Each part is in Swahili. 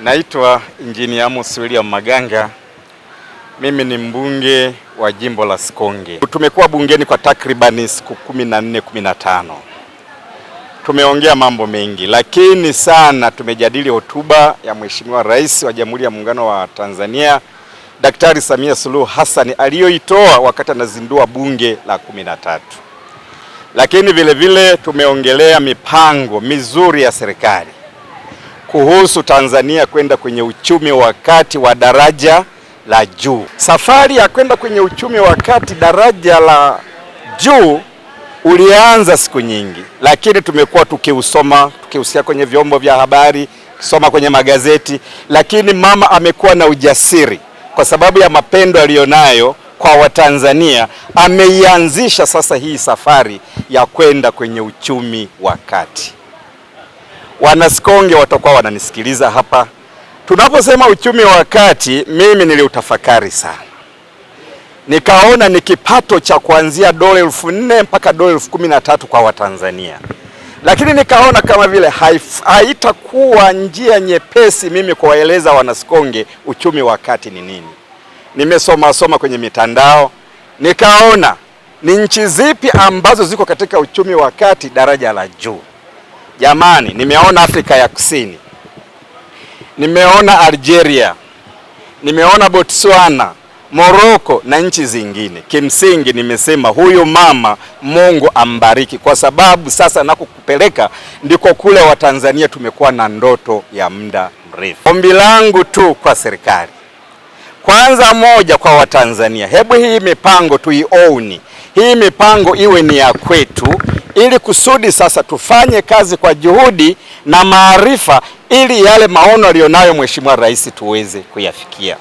Naitwa Injinia Amos William Maganga. Mimi ni mbunge wa jimbo la Sikonge. Tumekuwa bungeni kwa takribani siku 14 15. Tumeongea mambo mengi, lakini sana tumejadili hotuba ya Mheshimiwa Rais wa Jamhuri ya Muungano wa Tanzania Daktari Samia Suluhu Hassan aliyoitoa wakati anazindua bunge la 13, lakini vilevile tumeongelea mipango mizuri ya serikali kuhusu Tanzania kwenda kwenye uchumi wa kati wa daraja la juu. Safari ya kwenda kwenye uchumi wa kati daraja la juu ulianza siku nyingi, lakini tumekuwa tukiusoma, tukiusikia kwenye vyombo vya habari, kusoma kwenye magazeti, lakini mama amekuwa na ujasiri kwa sababu ya mapendo aliyonayo kwa Watanzania, ameianzisha sasa hii safari ya kwenda kwenye uchumi wa kati. Wanaskonge watakuwa wananisikiliza hapa. Tunaposema uchumi wa kati, mimi niliutafakari sana, nikaona ni kipato cha kuanzia dola elfu nne mpaka dola elfu kumi na tatu kwa Watanzania, lakini nikaona kama vile haitakuwa njia nyepesi mimi kuwaeleza Wanaskonge uchumi wa kati ni nini. Nimesoma soma kwenye mitandao nikaona ni nchi zipi ambazo ziko katika uchumi wa kati daraja la juu. Jamani, nimeona Afrika ya Kusini, nimeona Algeria, nimeona Botswana, Moroko na nchi zingine. Kimsingi nimesema huyu mama Mungu ambariki, kwa sababu sasa nakukupeleka ndiko kule Watanzania tumekuwa na ndoto ya muda mrefu. Ombi langu tu kwa serikali, kwanza moja kwa Watanzania, hebu hii mipango tuioni hii mipango iwe ni ya kwetu, ili kusudi sasa tufanye kazi kwa juhudi na maarifa, ili yale maono aliyonayo Mheshimiwa Rais tuweze kuyafikia.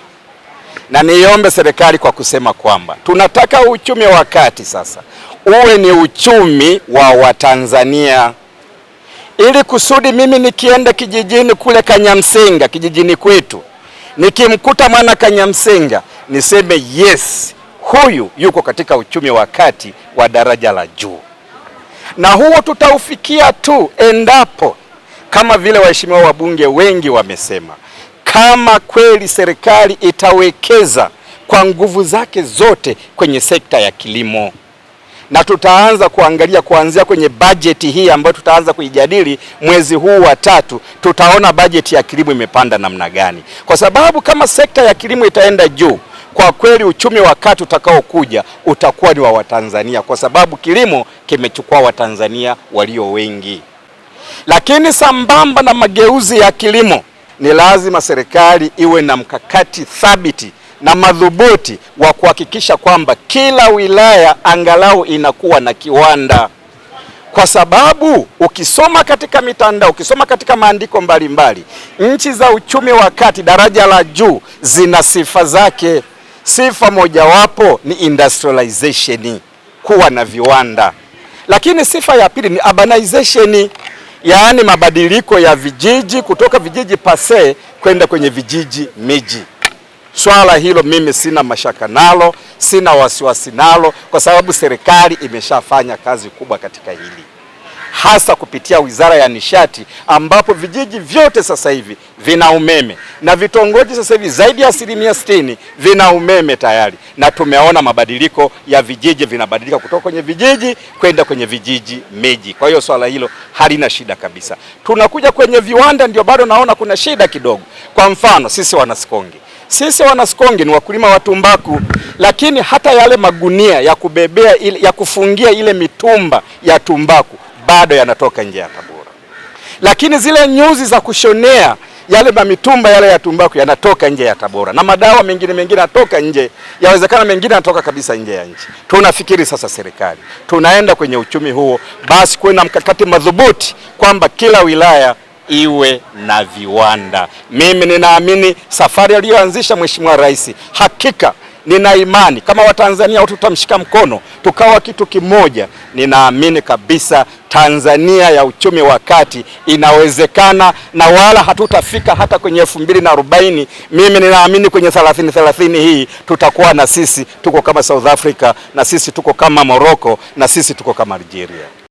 Na niombe serikali kwa kusema kwamba tunataka uchumi wa kati sasa uwe ni uchumi wa Watanzania, ili kusudi mimi nikienda kijijini kule Kanyamsenga, kijijini kwetu, nikimkuta mwana Kanyamsenga niseme yes huyu yuko katika uchumi wa kati wa daraja la juu, na huo tutaufikia tu endapo kama vile waheshimiwa wabunge wengi wamesema, kama kweli serikali itawekeza kwa nguvu zake zote kwenye sekta ya kilimo, na tutaanza kuangalia kuanzia kwenye bajeti hii ambayo tutaanza kuijadili mwezi huu wa tatu, tutaona bajeti ya kilimo imepanda namna gani, kwa sababu kama sekta ya kilimo itaenda juu kwa kweli uchumi wa kati utakaokuja utakuwa ni wa Watanzania, kwa sababu kilimo kimechukua Watanzania walio wengi. Lakini sambamba na mageuzi ya kilimo, ni lazima serikali iwe na mkakati thabiti na madhubuti wa kuhakikisha kwamba kila wilaya angalau inakuwa na kiwanda, kwa sababu ukisoma katika mitandao, ukisoma katika maandiko mbalimbali, nchi za uchumi wa kati daraja la juu zina sifa zake. Sifa mojawapo ni industrialization, kuwa na viwanda, lakini sifa ya pili ni urbanization, yaani mabadiliko ya vijiji kutoka vijiji pase kwenda kwenye vijiji miji. Swala hilo mimi sina mashaka nalo, sina wasiwasi nalo, kwa sababu serikali imeshafanya kazi kubwa katika hili hasa kupitia Wizara ya Nishati, ambapo vijiji vyote sasa hivi vina umeme na vitongoji sasa hivi zaidi ya asilimia sitini vina umeme tayari, na tumeona mabadiliko ya vijiji, vinabadilika kutoka kwenye vijiji kwenda kwenye vijiji miji. Kwa hiyo swala hilo halina shida kabisa. Tunakuja kwenye viwanda, ndio bado naona kuna shida kidogo. Kwa mfano sisi Wanasikonge sisi Wanasikonge ni wakulima wa tumbaku, lakini hata yale magunia ya kubebea ya kufungia ile mitumba ya tumbaku bado yanatoka nje ya Tabora, lakini zile nyuzi za kushonea yale mamitumba yale ya tumbaku yanatoka nje ya Tabora na madawa mengine mengine yanatoka nje, yawezekana mengine yanatoka kabisa nje ya nchi. Tunafikiri sasa serikali tunaenda kwenye uchumi huo, basi kuwe na mkakati madhubuti kwamba kila wilaya iwe na viwanda. Mimi ninaamini safari aliyoanzisha Mheshimiwa Rais hakika Nina imani kama Watanzania wote tutamshika mkono tukawa kitu kimoja, ninaamini kabisa Tanzania ya uchumi wa kati inawezekana, na wala hatutafika hata kwenye elfu mbili na arobaini. Mimi ninaamini kwenye thelathini thelathini hii tutakuwa na sisi tuko kama South Africa, na sisi tuko kama Morocco, na sisi tuko kama Algeria.